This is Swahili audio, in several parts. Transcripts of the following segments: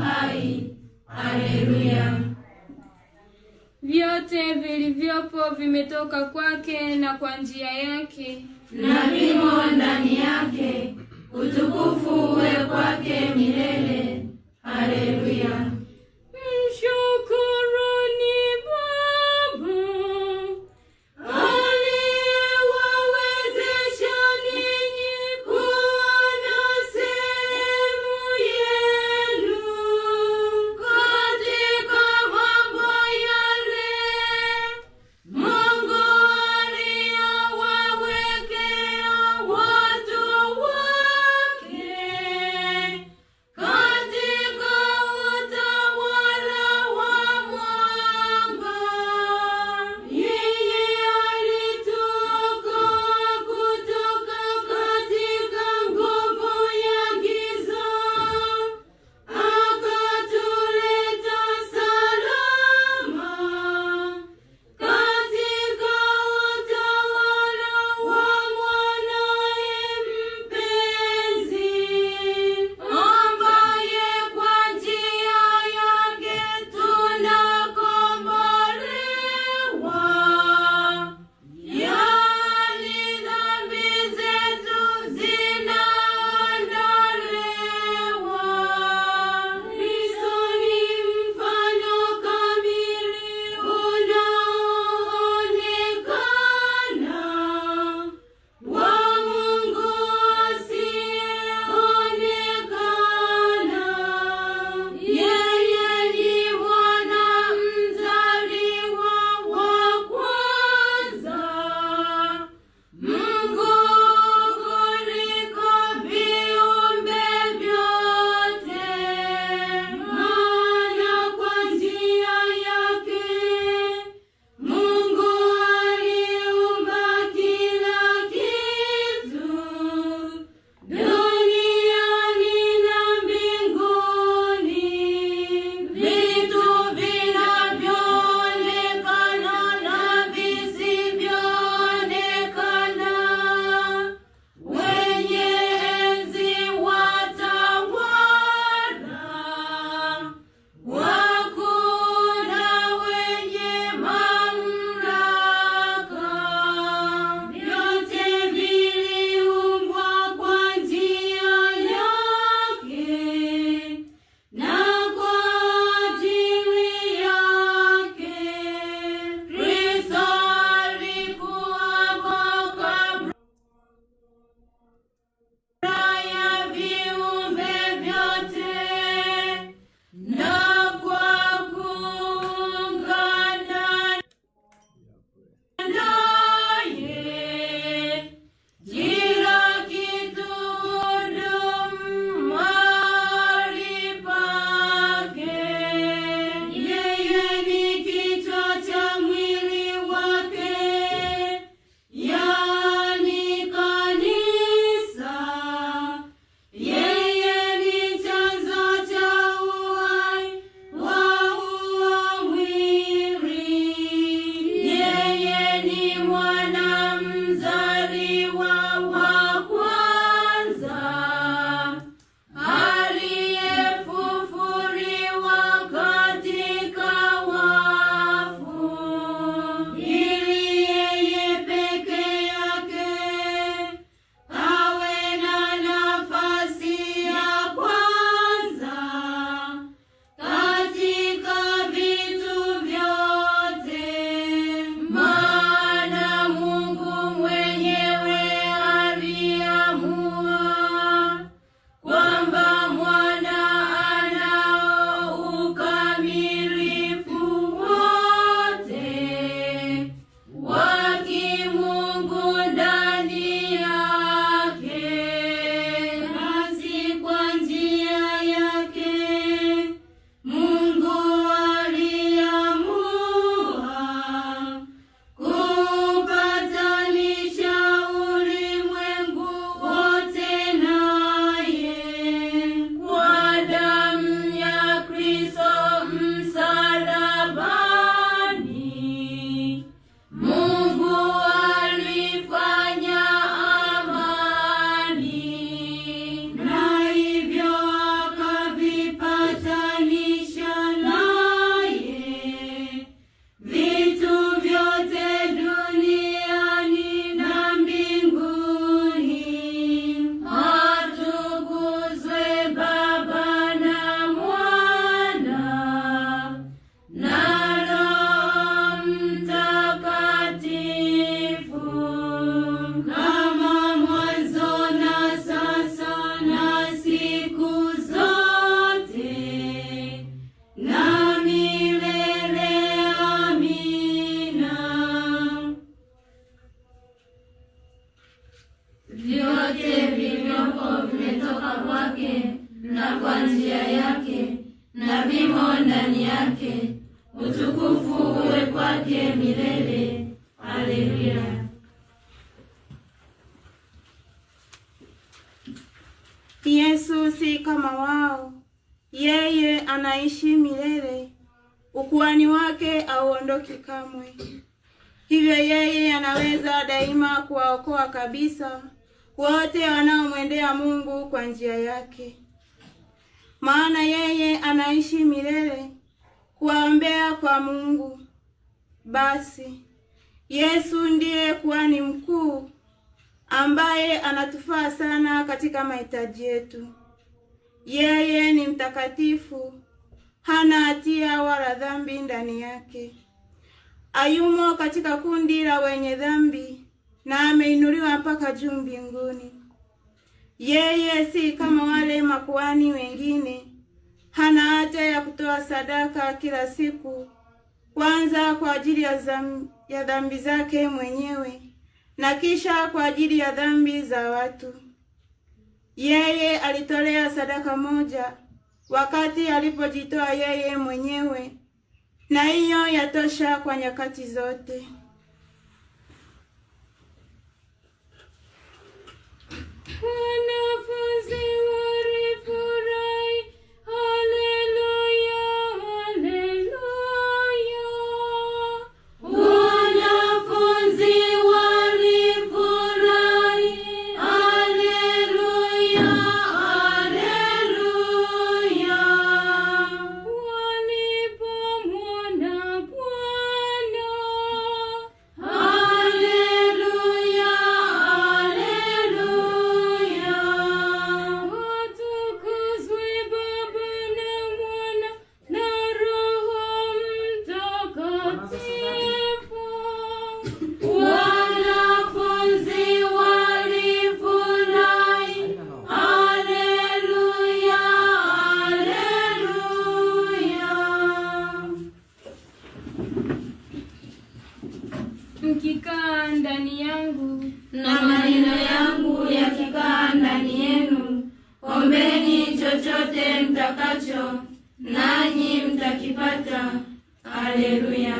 hai. Haleluya! Vyote vilivyopo vimetoka kwake na kwa njia yake na vimo ndani yake. Utukufu uwe kwake milele. Haleluya! Yesu si kama wao, yeye anaishi milele, ukuhani wake hauondoki kamwe. Hivyo yeye anaweza daima kuwaokoa kabisa wote wanaomwendea Mungu kwa njia yake, maana yeye anaishi milele kuwaombea kwa Mungu. Basi Yesu ndiye kuhani mkuu ambaye anatufaa sana katika mahitaji yetu. Yeye ni mtakatifu, hana hatia wala dhambi ndani yake. Ayumo katika kundi la wenye dhambi na ameinuliwa mpaka juu mbinguni. Yeye si kama wale makuhani wengine, hana haja ya kutoa sadaka kila siku, kwanza kwa ajili ya dhambi zake mwenyewe na kisha kwa ajili ya dhambi za watu. Yeye alitolea sadaka moja wakati alipojitoa yeye mwenyewe, na hiyo yatosha kwa nyakati zote. Wanafunzi chochote mtakacho nanyi mtakipata. aleluya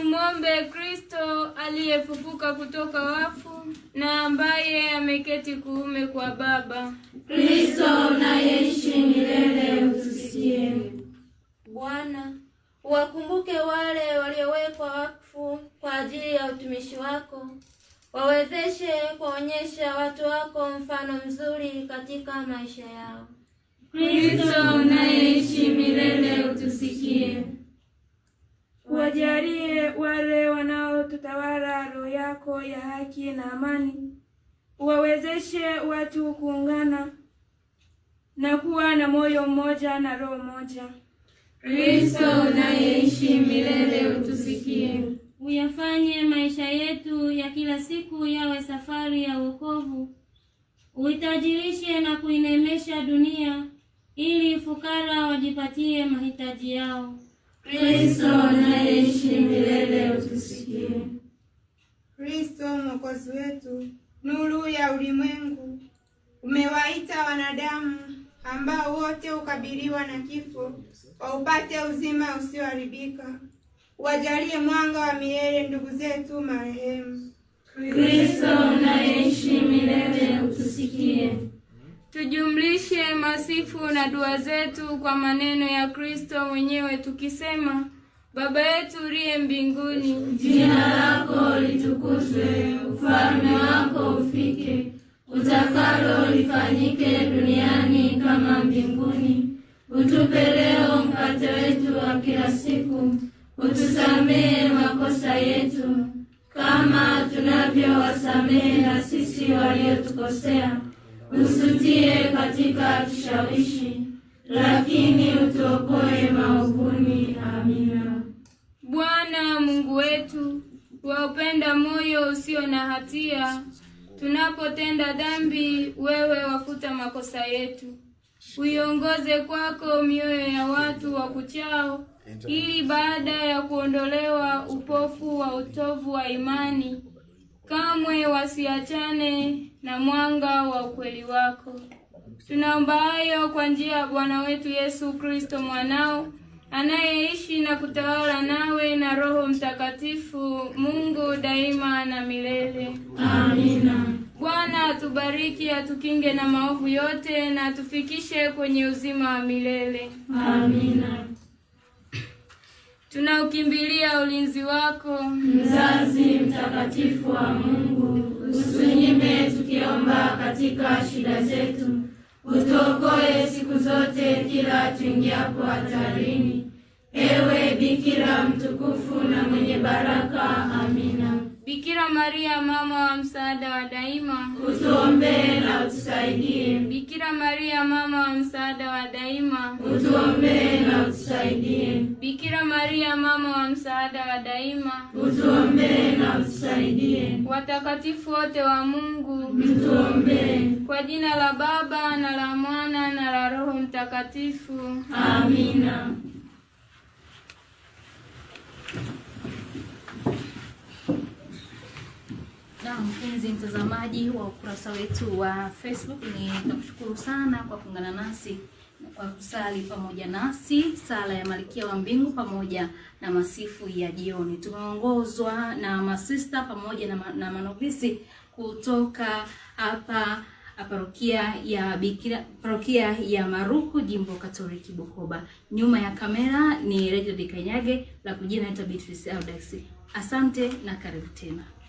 tumwombe Kristo aliyefufuka kutoka wafu na ambaye ameketi kuume kwa Baba. Kristo unayeishi milele, utusikie. Bwana, wakumbuke wale waliowekwa wakfu kwa ajili ya utumishi wako, wawezeshe kuwaonyesha watu wako mfano mzuri katika maisha yao. Kristo unayeishi milele, utusikie. Wajalie wale wanaotutawala roho yako ya haki na amani. Uwawezeshe watu kuungana na kuwa na moyo mmoja na roho moja. Kristo unayeishi milele, utusikie. Uyafanye maisha yetu ya kila siku yawe safari ya wokovu. Uitajirishe na kuinemesha dunia ili fukara wajipatie mahitaji yao. Kristo unayeishi milele utusikie. Kristo mwokozi wetu, nuru ya ulimwengu, umewaita wanadamu ambao wote hukabiliwa na kifo waupate uzima usioharibika. Wajalie mwanga wa milele ndugu zetu marehemu. Kristo unayeishi milele utusikie. Tujumlishe masifu na dua zetu kwa maneno ya Kristo mwenyewe tukisema: Baba yetu uliye mbinguni, jina lako litukuzwe, ufalme wako ufike, utakalo lifanyike duniani kama mbinguni. Utupe leo mkate wetu wa kila siku, utusamehe makosa yetu kama tunavyowasamehe na sisi waliotukosea usutie katika kishawishi, lakini utuokoe maovuni. Amina. Bwana Mungu wetu waupenda moyo usio na hatia, tunapotenda dhambi, wewe wafuta makosa yetu. Uiongoze kwako mioyo ya watu wa kuchao, ili baada ya kuondolewa upofu wa utovu wa imani kamwe wasiachane na mwanga wa ukweli wako. Tunaomba hayo kwa njia ya Bwana wetu Yesu Kristo mwanao anayeishi na kutawala nawe na Roho Mtakatifu, Mungu daima na milele. Amina. Bwana atubariki, atukinge na maovu yote na atufikishe kwenye uzima wa milele. Amina. Tunaukimbilia ulinzi wako, mzazi mtakatifu wa Mungu. Usinyime tukiomba katika shida zetu, utuokoe siku zote kila tuingiapo hatarini. Ewe Bikira mtukufu na mwenye baraka. Amina. Bikira Maria mama wa msaada wa daima, utuombee na utusaidie. Bikira Maria mama wa msaada wa daima, utuombee na utusaidie. Bikira Maria mama wa msaada wa daima, utuombee na utusaidie. Watakatifu wote wa Mungu, mtuombee. Kwa jina la Baba na la Mwana na la Roho Mtakatifu, amina. mpenzi mtazamaji wa ukurasa wetu wa Facebook, ni nakushukuru sana kwa kuungana nasi kwa kusali pamoja nasi sala ya Malkia wa Mbingu pamoja na masifu ya jioni. Tumeongozwa na masista pamoja na, ma, na manovisi kutoka hapa parokia ya Bikira, parokia ya Maruku jimbo Katoliki Bukoba. Nyuma ya kamera ni Reginald Kanyage, la kujina Beatrice Audax. Asante na karibu tena.